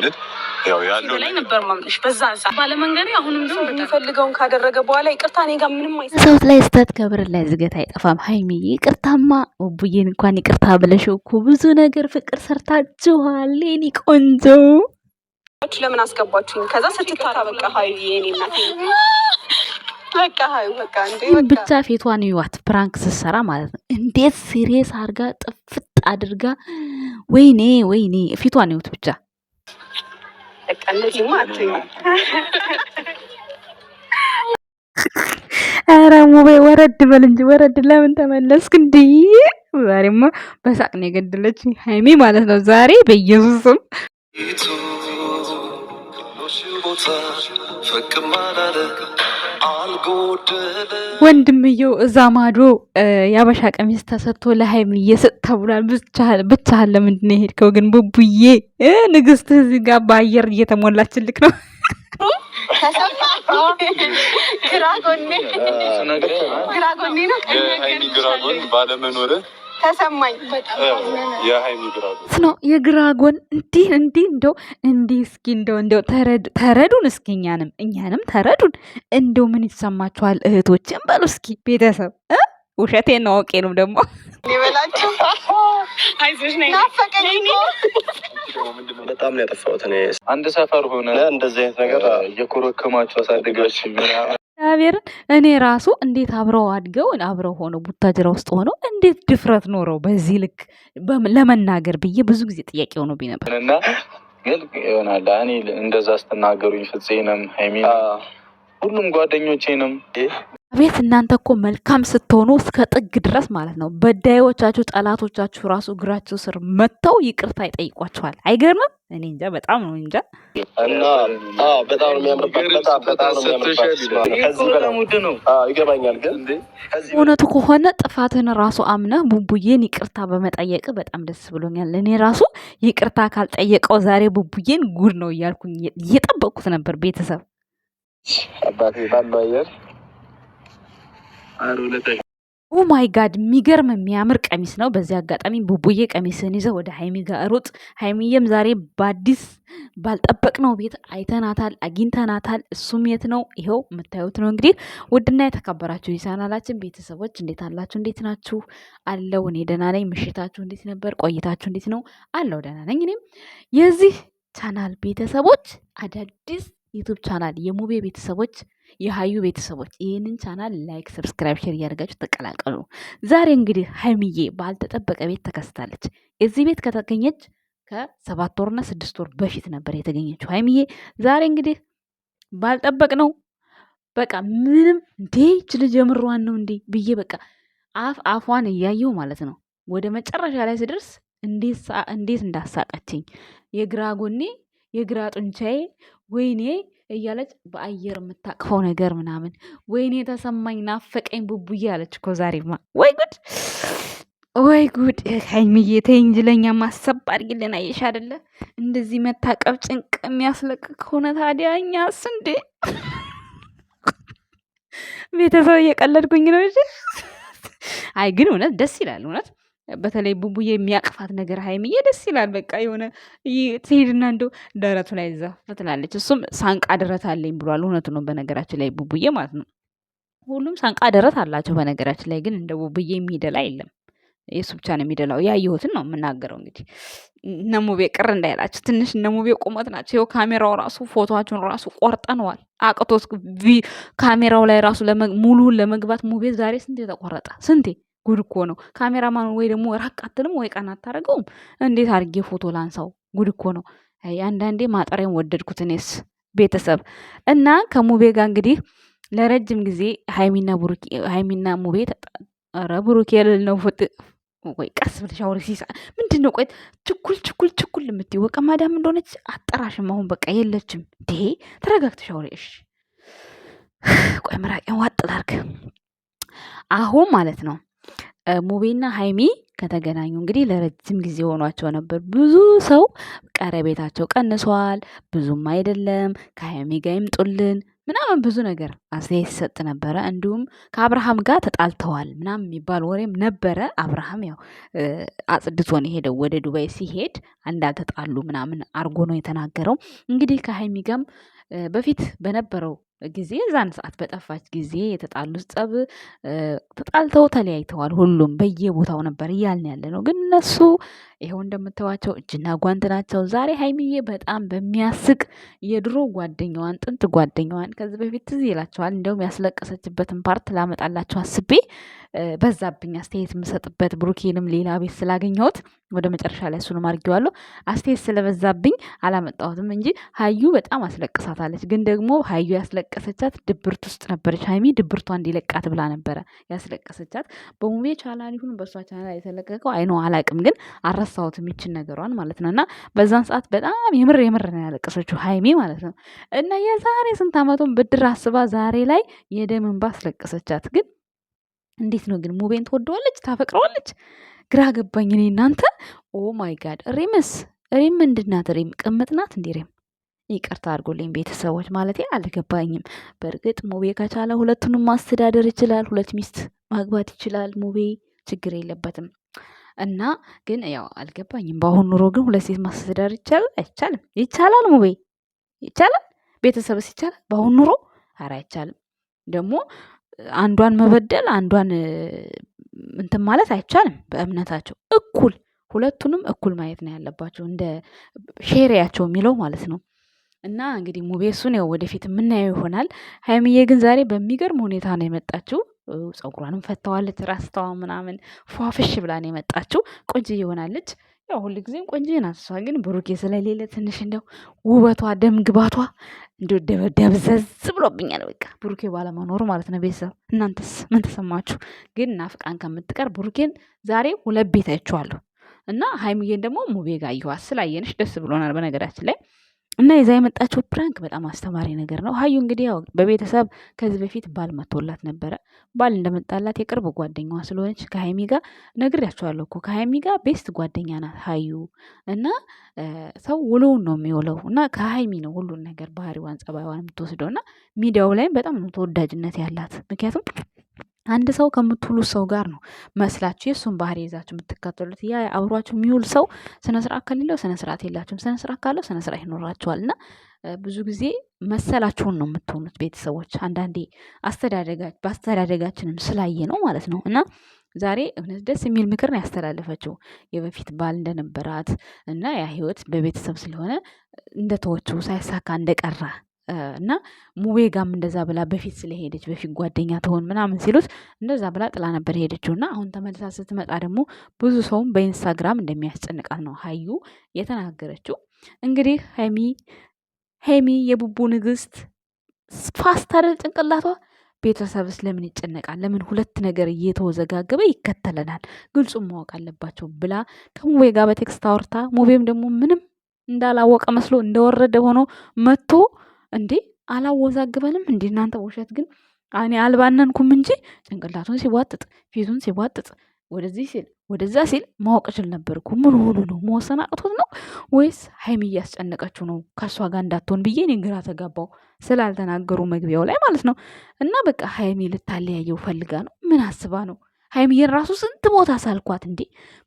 ማለት ያው ያለው ላይ ነበር ማምሽ በዛ ባለመንገድ አሁንም ደግሞ የሚፈልገውን ካደረገ በኋላ ይቅርታ እኔ ጋር ምንም አይ ሰውት ላይ ስህተት ከብር ላይ ዝገት አይጠፋም። ሀይሚዬ ይቅርታማ ቡቡዬን እንኳን ይቅርታ ብለሽው እኮ ብዙ ነገር ፍቅር ሰርታችኋል። ኔ ቆንጆ ለምን አስገባችሁኝ? ከዛ ስትታታ በቃ ሀይዬ እኔ እናቴ ብቻ ፊቷን ይዋት ፕራንክ ስትሰራ ማለት ነው። እንዴት ሲሪየስ አድርጋ ጥፍጥ አድርጋ ወይኔ ወይኔ ፊቷን ይውት ብቻ በቃ ኧረ ሙቤ ወረድ በል እንጂ ወረድ። ለምን ተመለስክ? እንዲህ ዛሬማ በሳቅ ነው የገደለች ሀይሚ ማለት ነው። ዛሬ በኢየሱስም ቦታ ወንድምየው እዛ ማዶ የአበሻ ቀሚስ ተሰጥቶ ለሀይም እየሰጥ ተብሏል። ብቻህን ለምንድን ነው የሄድከው ግን ቡቡዬ? ንግስት እዚህ ጋር በአየር እየተሞላችልክ ነው። ግራ ጎኔ ነው ባለመኖርህ ተሰማኝ ነው የግራ ጎን እንዲህ እንዲህ እንደው እንዲህ እስኪ እንደው እንደው ተረዱን እስኪ እኛንም እኛንም ተረዱን። እንደው ምን ይሰማችኋል እህቶችን በሉ እስኪ ቤተሰብ ውሸቴን ነው አውቄ ነው ደግሞ በጣም ነው ያጠፋሁት። አንድ ሰፈር ሆነ እንደዚህ አይነት ነገር እግዚአብሔርን እኔ ራሱ እንዴት አብረው አድገው አብረው ሆኖ ቡታጅራ ውስጥ ሆኖ እንዴት ድፍረት ኖረው በዚህ ልክ ለመናገር ብዬ ብዙ ጊዜ ጥያቄ ሆኖ ነበር። ግን ይሆናል እኔ እንደዛ ስትናገሩኝ ፍፄንም፣ ሀይሚን፣ ሁሉም ጓደኞቼንም አቤት እናንተ እኮ መልካም ስትሆኑ እስከ ጥግ ድረስ ማለት ነው። በዳዮቻችሁ፣ ጠላቶቻችሁ ራሱ እግራችሁ ስር መጥተው ይቅርታ ይጠይቋችኋል። አይገርምም? እኔ እንጃ በጣም ነው እንጃ። በጣም ነው ይገባኛል። ግን እውነቱ ከሆነ ጥፋትን ራሱ አምነህ ቡቡዬን ይቅርታ በመጠየቅ በጣም ደስ ብሎኛል። እኔ ራሱ ይቅርታ ካልጠየቀው ዛሬ ቡቡዬን ጉድ ነው እያልኩኝ እየጠበቅኩት ነበር። ቤተሰብ አባቴ ባሉ አየር ኦ ማይ ጋድ የሚገርም የሚያምር ቀሚስ ነው። በዚህ አጋጣሚ ቡቡዬ ቀሚስን ይዘው ወደ ሀይሚ ጋር ሩጥ። ሀይሚዬም ዛሬ በአዲስ ባልጠበቅነው ቤት አይተናታል፣ አግኝተናታል። እሱም የት ነው? ይኸው የምታዩት ነው። እንግዲህ ውድና የተከበራችሁ የቻናላችን ቤተሰቦች እንዴት አላችሁ? እንዴት ናችሁ? አለው እኔ ደህና ነኝ። ምሽታችሁ እንዴት ነበር? ቆይታችሁ እንዴት ነው? አለው ደህና ነኝ። እኔም የዚህ ቻናል ቤተሰቦች አዳዲስ ዩቱብ ቻናል የሙቤ ቤተሰቦች የሀዩ ቤተሰቦች ይህንን ቻናል ላይክ፣ ሰብስክራይብ፣ ሼር እያደርጋችሁ ተቀላቀሉ። ዛሬ እንግዲህ ሀይሚዬ ባልተጠበቀ ቤት ተከስታለች። እዚህ ቤት ከተገኘች ከሰባት ወርና ስድስት ወር በፊት ነበር የተገኘችው ሀይሚዬ። ዛሬ እንግዲህ ባልጠበቅ ነው በቃ ምንም እንዴ ይች ልጅ የምሯን ነው እንዴ ብዬ በቃ አፍ አፏን እያየው ማለት ነው ወደ መጨረሻ ላይ ስደርስ እንዴት እንዳሳቀችኝ የግራ ጎኔ የግራ ጡንቻዬ ወይኔ እያለች በአየር የምታቅፈው ነገር ምናምን ወይኔ ተሰማኝ ናፈቀኝ ቡቡዬ አለች እኮ ዛሬማ። ወይ ጉድ ወይ ጉድ ሀይሚዬ ተይ እንጂ ለእኛ ማሰብ አድርጊልን። አየሽ አይደለ እንደዚህ መታቀብ ጭንቅ የሚያስለቅቅ ከሆነ ታዲያ እኛስ እንዴ! ቤተሰብ እየቀለድኩኝ ነው። አይ ግን እውነት ደስ ይላል እውነት በተለይ ቡቡዬ የሚያቅፋት ነገር ሀይሚዬ ደስ ይላል። በቃ የሆነ ትሄድና እንደ ደረቱ ላይ ዘፍ ትላለች። እሱም ሳንቃ ደረት አለኝ ብሏል። እውነቱ ነው። በነገራችን ላይ ቡቡዬ ማለት ነው ሁሉም ሳንቃ ደረት አላቸው። በነገራችን ላይ ግን እንደ ቡቡዬ የሚደላ የለም። የሱ ብቻ ነው የሚደላው። ያየሁትን ነው የምናገረው። እንግዲህ ነሙቤ ቅር እንዳይላቸው ትንሽ ነሙቤ ቁመት ናቸው። ይኸው ካሜራው ራሱ ፎቶቸውን ራሱ ቆርጠነዋል። አቅቶት ካሜራው ላይ ራሱ ሙሉውን ለመግባት ሙቤ ዛሬ ስንቴ ተቆረጠ ስንቴ ጉድ እኮ ነው። ካሜራማን ወይ ደግሞ ራቅ አትልም ወይ ቀን አታደርገውም። እንዴት አድርጌ ፎቶ ላንሳው? ጉድ እኮ ነው። አንዳንዴ ማጠሪያም ወደድኩት እኔስ ቤተሰብ እና ከሙቤ ጋር እንግዲህ ለረጅም ጊዜ ሀይሚና ሙቤ ተጠረ ብሩኬ ልል ነው ፎጥ ወይ ቀስ ብለሽ አውሪ ሲሳ ምንድን ነው ቆይ ችኩል ችኩል ችኩል የምትወቀ ማዳም እንደሆነች አጠራሽም አሁን በቃ የለችም ዴ ተረጋግተሽ አውሪ እሺ ቆይ ምራቄን ዋጥ ላድርግ አሁን ማለት ነው ሙቤና ሀይሚ ከተገናኙ እንግዲህ ለረጅም ጊዜ ሆኗቸው ነበር። ብዙ ሰው ቀረቤታቸው ቀንሷል፣ ብዙም አይደለም፣ ከሀይሚ ጋ ይምጡልን ምናምን ብዙ ነገር አስተያየት ሲሰጥ ነበረ። እንዲሁም ከአብርሃም ጋር ተጣልተዋል ምናምን የሚባል ወሬም ነበረ። አብርሃም ያው አጽድቶ ነው የሄደው ወደ ዱባይ ሲሄድ እንዳልተጣሉ ምናምን አርጎ ነው የተናገረው። እንግዲህ ከሀይሚ ጋም በፊት በነበረው ጊዜ እዛን ሰዓት በጠፋች ጊዜ የተጣሉት ጸብ ተጣልተው ተለያይተዋል። ሁሉም በየቦታው ነበር እያልን ያለ ነው። ግን እነሱ ይኸው እንደምታዩዋቸው እጅና ጓንት ናቸው። ዛሬ ሀይሚዬ በጣም በሚያስቅ የድሮ ጓደኛዋን ጥንት ጓደኛዋን ከዚህ በፊት ትዝ ይላቸዋል። እንደውም ያስለቀሰችበትን ፓርት ላመጣላቸው አስቤ በዛብኝ አስተያየት የምሰጥበት ብሩኬንም ሌላ ቤት ስላገኘሁት ወደ መጨረሻ ላይ እሱንም አድርጌዋለሁ። አስተያየት ስለበዛብኝ አላመጣሁትም እንጂ ሀዩ በጣም አስለቅሳታለች። ግን ደግሞ ሀዩ ያስለቅ ያስለቀሰቻት ድብርት ውስጥ ነበረች። ሀይሚ ድብርቷ እንዲለቃት ብላ ነበረ ያስለቀሰቻት። በሙቤ ቻናል ይሁን በእሷ ቻናል የተለቀቀው አይኖ አላቅም፣ ግን አረሳሁት የሚችን ነገሯን ማለት ነው። እና በዛን ሰዓት በጣም የምር የምር ነው ያለቀሰችው ሀይሚ ማለት ነው። እና የዛሬ ስንት ዓመቱን ብድር አስባ ዛሬ ላይ የደም እንባ አስለቀሰቻት። ግን እንዴት ነው ግን ሙቤን ትወደዋለች? ታፈቅረዋለች? ግራ ገባኝ እኔ እናንተ። ኦ ማይ ጋድ ሪምስ ሪም ምንድናት? ሪም ቅምጥናት እንዲ ሪም ይቅርታ አድርጎልኝ ቤተሰቦች ማለት አልገባኝም። በእርግጥ ሙቤ ከቻለ ሁለቱንም ማስተዳደር ይችላል፣ ሁለት ሚስት ማግባት ይችላል። ሙቤ ችግር የለበትም እና ግን ያው አልገባኝም። በአሁኑ ኑሮ ግን ሁለት ሴት ማስተዳደር ይቻላል አይቻልም? ይቻላል። ሙቤ ይቻላል፣ ቤተሰብስ ይቻላል? በአሁኑ ኑሮ ኧረ አይቻልም። ደግሞ አንዷን መበደል አንዷን እንትን ማለት አይቻልም። በእምነታቸው እኩል ሁለቱንም እኩል ማየት ነው ያለባቸው። እንደ ሼሪያቸው የሚለው ማለት ነው። እና እንግዲህ ሙቤ እሱን ያው ወደፊት የምናየው ይሆናል። ሀይሚዬ ግን ዛሬ በሚገርም ሁኔታ ነው የመጣችው። ፀጉሯንም ፈተዋለች፣ ራስተዋ ምናምን ፏፍሽ ብላ ነው የመጣችው። ቆንጅዬ ይሆናለች። ያው ሁሉ ጊዜም ቆንጅዬ ናት። እሷ ግን ብሩኬ ስለሌለ ትንሽ እንደው ውበቷ ደም ግባቷ እንዲ ደብዘዝ ብሎብኛል። በቃ ብሩኬ ባለመኖሩ ማለት ነው። ቤተሰብ እናንተስ ምን ተሰማችሁ? ግን ናፍቃን ከምትቀር ብሩኬን ዛሬ ሁለት ቤት አይቼዋለሁ እና ሀይሚዬን ደግሞ ሙቤ ጋር ይዋስ ስላየንሽ ደስ ብሎናል። በነገራችን ላይ እና የዛ የመጣችው ፕራንክ በጣም አስተማሪ ነገር ነው። ሀዩ እንግዲህ ያው በቤተሰብ ከዚህ በፊት ባል መቶላት ነበረ። ባል እንደመጣላት የቅርብ ጓደኛዋ ስለሆነች ከሀይሚ ጋር ነግሬያቸዋለሁ እኮ ከሀይሚ ጋር ቤስት ጓደኛ ናት ሀዩ እና ሰው ውሎውን ነው የሚውለው እና ከሀይሚ ነው ሁሉን ነገር ባህሪዋን፣ ጸባይዋን የምትወስደው እና ሚዲያው ላይም በጣም ተወዳጅነት ያላት ምክንያቱም አንድ ሰው ከምትውሉት ሰው ጋር ነው መስላችሁ የእሱን ባህሪ ይዛችሁ የምትከተሉት። ያ አብሯችሁ የሚውል ሰው ስነስርዓት ከሌለው ስነስርዓት የላችሁም፣ ስነስርዓት ካለው ስነስርዓት ይኖራችኋል። እና ብዙ ጊዜ መሰላችሁን ነው የምትሆኑት ቤተሰቦች። አንዳንዴ በአስተዳደጋችንም ስላየ ነው ማለት ነው እና ዛሬ እውነት ደስ የሚል ምክር ነው ያስተላለፈችው። የበፊት ባል እንደነበራት እና ያ ህይወት በቤተሰብ ስለሆነ እንደተወችው ሳይሳካ እንደቀራ እና ሙቤ ጋም እንደዛ ብላ በፊት ስለሄደች በፊት ጓደኛ ትሆን ምናምን ሲሉት እንደዛ ብላ ጥላ ነበር ሄደችው እና አሁን ተመልሳ ስትመጣ ደግሞ ብዙ ሰውም በኢንስታግራም እንደሚያስጨንቃት ነው ሀዩ የተናገረችው። እንግዲህ ሄሚ ሄሚ የቡቡ ንግስት ፋስት አይደል ጭንቅላቷ ቤተሰብስ ለምን ይጨነቃል? ለምን ሁለት ነገር እየተወዘጋገበ ይከተለናል? ግልጹም ማወቅ አለባቸው ብላ ከሙቤ ጋር በቴክስት አውርታ ሙቤም ደግሞ ምንም እንዳላወቀ መስሎ እንደወረደ ሆኖ መጥቶ እንዴ አላወዛግበንም እንዴ እናንተ ውሸት ግን እኔ አልባነንኩም እንጂ ጭንቅላቱን ሲቧጥጥ ፊቱን ሲቧጥጥ ወደዚህ ሲል ወደዛ ሲል ማወቅ ችል ነበርኩ። ምን ሆኑ ነው? መወሰን አቅቶት ነው ወይስ ሀይሚ እያስጨነቀችው ነው? ከእሷ ጋር እንዳትሆን ብዬ እኔ ግራ ተጋባው ስላልተናገሩ መግቢያው ላይ ማለት ነው። እና በቃ ሀይሚ ልታለያየው ፈልጋ ነው? ምን አስባ ነው? ሀይሚዬን ራሱ ስንት ቦታ ሳልኳት እንዴ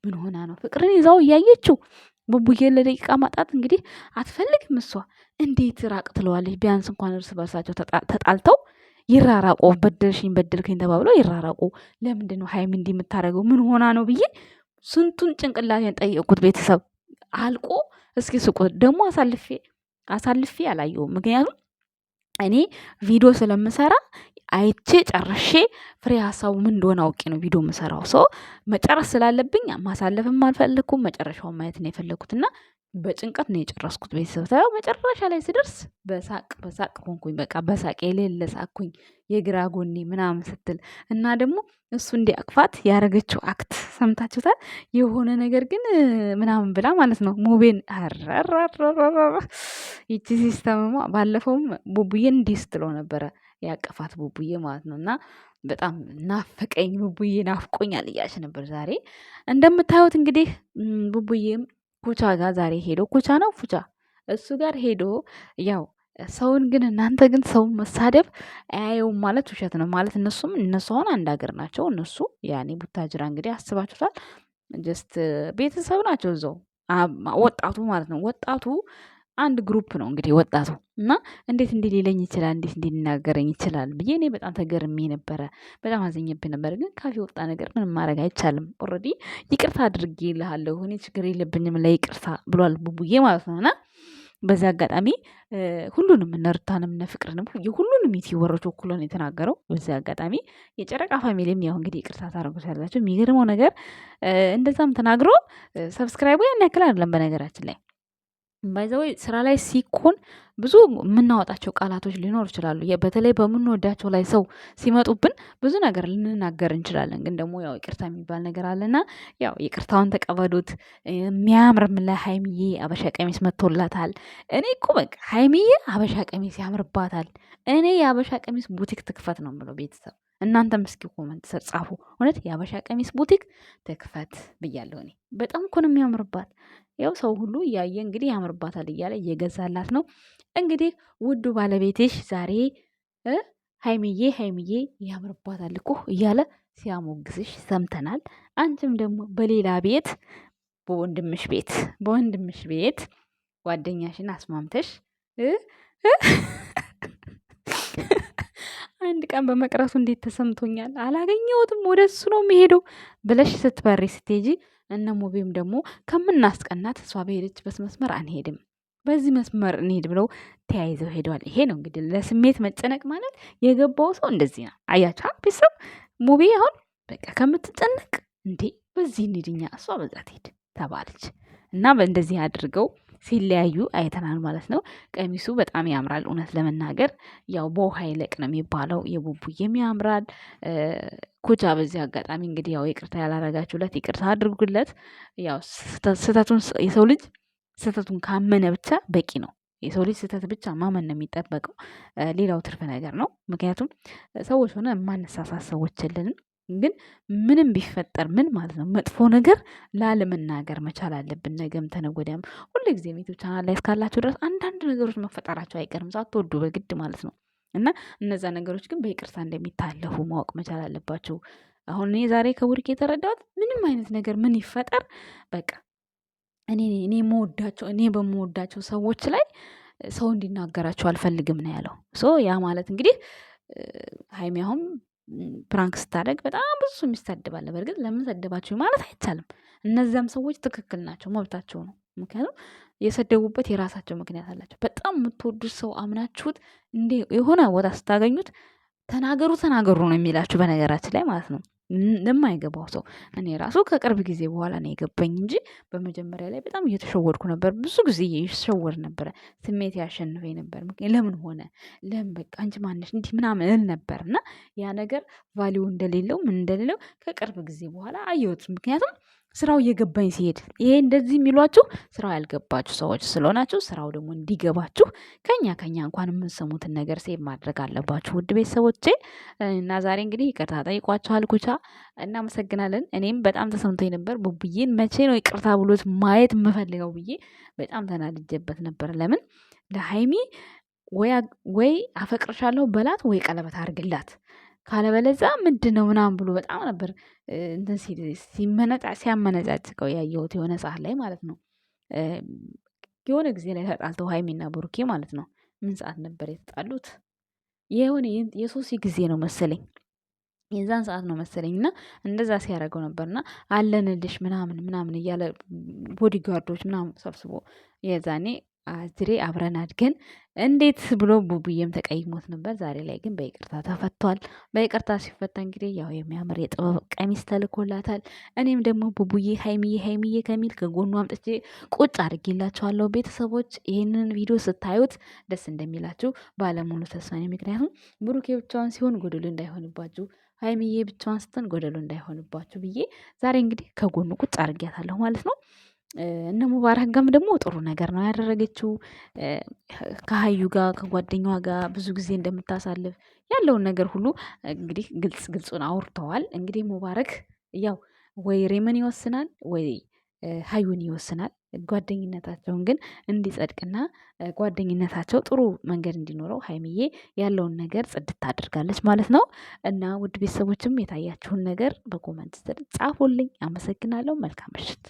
ምን ሆና ነው? ፍቅርን ይዛው እያየችው ቡቡዬን ለደቂቃ ማጣት እንግዲህ አትፈልግም እሷ። እንዴት ራቅ ትለዋለች። ቢያንስ እንኳን እርስ በርሳቸው ተጣልተው ይራራቁ። በደልሽኝ በደልከኝ ተባብሎ ይራራቁ። ለምንድን ነው ሀይሚ እንዲህ የምታደርገው? ምን ሆና ነው ብዬ ስንቱን ጭንቅላቴን ጠየቅኩት። ቤተሰብ አልቆ እስኪ ስቁ ደግሞ አሳልፌ አሳልፌ አላየውም። ምክንያቱም እኔ ቪዲዮ ስለምሰራ አይቼ ጨርሼ ፍሬ ሀሳቡ ምን እንደሆነ አውቄ ነው ቪዲዮ የምሰራው። ሰው መጨረስ ስላለብኝ ማሳለፍም አልፈለግኩም። መጨረሻውን ማየት ነው የፈለግኩትና በጭንቀት ነው የጨረስኩት። ቤተሰብ ታየው መጨረሻ ላይ ስደርስ በሳቅ በሳቅ ሆንኩኝ። በቃ በሳቅ የሌለ ሳኩኝ። የግራ ጎኔ ምናምን ስትል እና ደግሞ እሱ እንዲ አቅፋት ያደረገችው አክት ሰምታችሁታል። የሆነ ነገር ግን ምናምን ብላ ማለት ነው ሙቤን ይቺ ሲስተምማ ባለፈውም ቡቡዬን እንዲህ ስትለው ነበረ ያቀፋት ቡቡዬ ማለት ነው። እና በጣም ናፈቀኝ ቡቡዬ ናፍቆኛል እያለች ነበር ዛሬ። እንደምታዩት እንግዲህ ቡቡዬም ኩቻ ጋር ዛሬ ሄዶ ኩቻ ነው ፉቻ እሱ ጋር ሄዶ ያው ሰውን ግን እናንተ ግን ሰውን መሳደብ አያየውም ማለት ውሸት ነው ማለት እነሱም እነሱ አሁን አንድ ሀገር ናቸው። እነሱ ያኔ ቡታጅራ እንግዲህ አስባችሁታል። ጀስት ቤተሰብ ናቸው እዛው ወጣቱ ማለት ነው። ወጣቱ አንድ ግሩፕ ነው እንግዲህ ወጣቱ እና እንዴት እንዲህ ሊለኝ ይችላል እንዴት እንዲህ ሊናገረኝ ይችላል ብዬ እኔ በጣም ተገርሜ ነበረ። በጣም አዘኘብ ነበረ። ግን ካፊ ወጣ ነገር ምንም ማድረግ አይቻልም። ኦልሬዲ ይቅርታ አድርጌ ይልሃለሁ፣ እኔ ችግር የለብኝም ለይቅርታ ብሏል ቡቡዬ ማለት ነው እና በዚህ አጋጣሚ ሁሉንም እነ ሩታንም እነ ፍቅርንም ሁሉንም የትወረች ወክሎ ነው የተናገረው። በዚህ አጋጣሚ የጨረቃ ፋሚሊም ያው እንግዲህ ይቅርታ ያላቸው የሚገርመው ነገር እንደዛም ተናግሮ ሰብስክራይቡ ያን ያክል አይደለም በነገራችን ላይ ባይዘወይ ስራ ላይ ሲኮን ብዙ የምናወጣቸው ቃላቶች ሊኖሩ ይችላሉ። በተለይ በምንወዳቸው ላይ ሰው ሲመጡብን ብዙ ነገር ልንናገር እንችላለን። ግን ደግሞ ያው ይቅርታ የሚባል ነገር አለና ያው ይቅርታውን ተቀበሉት። የሚያምርም ለሀይሚዬ አበሻ ቀሚስ መጥቶላታል። እኔ እኮ በቃ ሀይሚዬ አበሻ ቀሚስ ያምርባታል። እኔ የአበሻ ቀሚስ ቡቲክ ትክፈት ነው የምለው ቤተሰብ እናንተም እስኪ ኮመንት ስር ጻፉ። እውነት የአበሻ ቀሚስ ቡቲክ ትክፈት ብያለሁ እኔ። በጣም እኮ ነው የሚያምርባት። ያው ሰው ሁሉ እያየ እንግዲህ ያምርባታል እያለ እየገዛላት ነው። እንግዲህ ውዱ ባለቤትሽ ዛሬ ሀይምዬ ሀይምዬ ያምርባታል እኮ እያለ ሲያሞግዝሽ ሰምተናል። አንቺም ደግሞ በሌላ ቤት በወንድምሽ ቤት በወንድምሽ ቤት ጓደኛሽን አስማምተሽ ቀን በመቅረቱ እንዴት ተሰምቶኛል፣ አላገኘሁትም፣ ወደ እሱ ነው የሚሄደው ብለሽ ስትበሪ ስትሄጂ እነ ሙቤም ደግሞ ከምናስቀናት እሷ በሄደችበት መስመር አንሄድም፣ በዚህ መስመር እንሄድ ብለው ተያይዘው ሄደዋል። ይሄ ነው እንግዲህ ለስሜት መጨነቅ ማለት። የገባው ሰው እንደዚህ ነው። አያችሁ ቤተሰብ ሙቤ አሁን በቃ ከምትጨነቅ እንዴ በዚህ እንሂድኛ እሷ በዛ ትሄድ ተባለች። እና በእንደዚህ አድርገው ሲለያዩ አይተናል ማለት ነው። ቀሚሱ በጣም ያምራል እውነት ለመናገር ያው በውሃ ይለቅ ነው የሚባለው። የቡቡዬም ያምራል። ኩቻ በዚህ አጋጣሚ እንግዲህ ያው ይቅርታ ያላረጋችሁለት ይቅርታ አድርጉለት። ያው ስህተቱን የሰው ልጅ ስህተቱን ካመነ ብቻ በቂ ነው። የሰው ልጅ ስህተት ብቻ ማመን ነው የሚጠበቀው። ሌላው ትርፍ ነገር ነው። ምክንያቱም ሰዎች ሆነ የማነሳሳት ሰዎች የለንም። ግን ምንም ቢፈጠር ምን ማለት ነው መጥፎ ነገር ላለመናገር መቻል አለብን። ነገም ተነጎዳም ሁሉ ጊዜ ዩቲዩብ ቻናል ላይ እስካላቸው ድረስ አንዳንድ ነገሮች መፈጠራቸው አይቀርም ሳትወዱ በግድ ማለት ነው። እና እነዛ ነገሮች ግን በይቅርታ እንደሚታለፉ ማወቅ መቻል አለባቸው። አሁን እኔ ዛሬ ከብሩኬ የተረዳሁት ምንም አይነት ነገር ምን ይፈጠር በቃ እኔ እኔ መወዳቸው እኔ በመወዳቸው ሰዎች ላይ ሰው እንዲናገራቸው አልፈልግም ነው ያለው። ሶ ያ ማለት እንግዲህ ሀይሚ አሁን ፕራንክ ስታደርግ በጣም ብዙ ሰው የሚሳድባለ። በእርግጥ ለምን ሰደባችሁ ማለት አይቻልም። እነዚያም ሰዎች ትክክል ናቸው፣ መብታቸው ነው። ምክንያቱም የሰደቡበት የራሳቸው ምክንያት አላቸው። በጣም የምትወዱት ሰው አምናችሁት እንደ የሆነ ቦታ ስታገኙት ተናገሩ ተናገሩ ነው የሚላችሁ በነገራችን ላይ ማለት ነው። ለማይገባው ሰው እኔ ራሱ ከቅርብ ጊዜ በኋላ ነው የገባኝ እንጂ በመጀመሪያ ላይ በጣም እየተሸወድኩ ነበር። ብዙ ጊዜ ይሸወር ነበረ። ስሜት ያሸንፈኝ ነበር። ለምን ሆነ ለምን በቃ አንቺ ማነሽ እንዲህ ምናምን እል ነበር እና ያ ነገር ቫሊዩ እንደሌለው ምን እንደሌለው ከቅርብ ጊዜ በኋላ አየሁት። ምክንያቱም ስራው እየገባኝ ሲሄድ ይሄ እንደዚህ የሚሏችሁ ስራው ያልገባችሁ ሰዎች ስለሆናችሁ ስራው ደግሞ እንዲገባችሁ ከኛ ከኛ እንኳን የምንሰሙትን ነገር ሴቭ ማድረግ አለባችሁ። ውድ ቤተሰቦቼ እና ዛሬ እንግዲህ ይቅርታ ጠይቋችኋል። ኩቻ እናመሰግናለን። እኔም በጣም ተሰምቶኝ ነበር። ቡቡዬን መቼ ነው ይቅርታ ብሎት ማየት የምፈልገው ብዬ በጣም ተናድጄበት ነበር። ለምን ለሀይሚ ወይ አፈቅርሻለሁ በላት ወይ ቀለበት አድርግላት ካለበለዛ ምንድን ነው ምናምን ብሎ በጣም ነበር ሲያመነጫጭቀው ያየሁት የሆነ ሰዓት ላይ ማለት ነው። የሆነ ጊዜ ላይ ተጣልተው ሀይሚና ብሩኬ ማለት ነው ምን ሰዓት ነበር የተጣሉት? የሆነ የሶሲ ጊዜ ነው መሰለኝ የዛን ሰዓት ነው መሰለኝ እና እንደዛ ሲያደርገው ነበር አለንልሽ ምናምን ምናምን እያለ ቦዲጋርዶች ምናምን ሰብስቦ የዛኔ አዝሬ አብረን አድገን እንዴት ብሎ ቡቡዬም ተቀይሞት ነበር። ዛሬ ላይ ግን በይቅርታ ተፈቷል። በይቅርታ ሲፈታ እንግዲህ ያው የሚያምር የጥበብ ቀሚስ ተልኮላታል። እኔም ደግሞ ቡቡዬ ሀይሚዬ ሀይሚዬ ከሚል ከጎኑ አምጥቼ ቁጭ አድርጌላችኋለሁ። ቤተሰቦች ይህንን ቪዲዮ ስታዩት ደስ እንደሚላችሁ ባለሙሉ ተስፋ ነኝ። ምክንያቱም ብሩኬ ብቻውን ሲሆን ጎደሎ እንዳይሆንባችሁ ሀይሚዬ ብቻዋን ስትን ጎደሎ እንዳይሆንባችሁ ብዬ ዛሬ እንግዲህ ከጎኑ ቁጭ አድርጌያታለሁ ማለት ነው። እነ ሙባረክ ጋም ደግሞ ጥሩ ነገር ነው ያደረገችው። ከሀዩ ጋር ከጓደኛዋ ጋር ብዙ ጊዜ እንደምታሳልፍ ያለውን ነገር ሁሉ እንግዲህ ግልጽ ግልጹን አውርተዋል። እንግዲህ ሙባረክ ያው ወይ ሬምን ይወስናል ወይ ሀዩን ይወስናል። ጓደኝነታቸውን ግን እንዲጸድቅና ጓደኝነታቸው ጥሩ መንገድ እንዲኖረው ሀይሚዬ ያለውን ነገር ጽድት አድርጋለች ማለት ነው። እና ውድ ቤተሰቦችም የታያችሁን ነገር በኮመንት ስር ጻፉልኝ። አመሰግናለሁ። መልካም ምሽት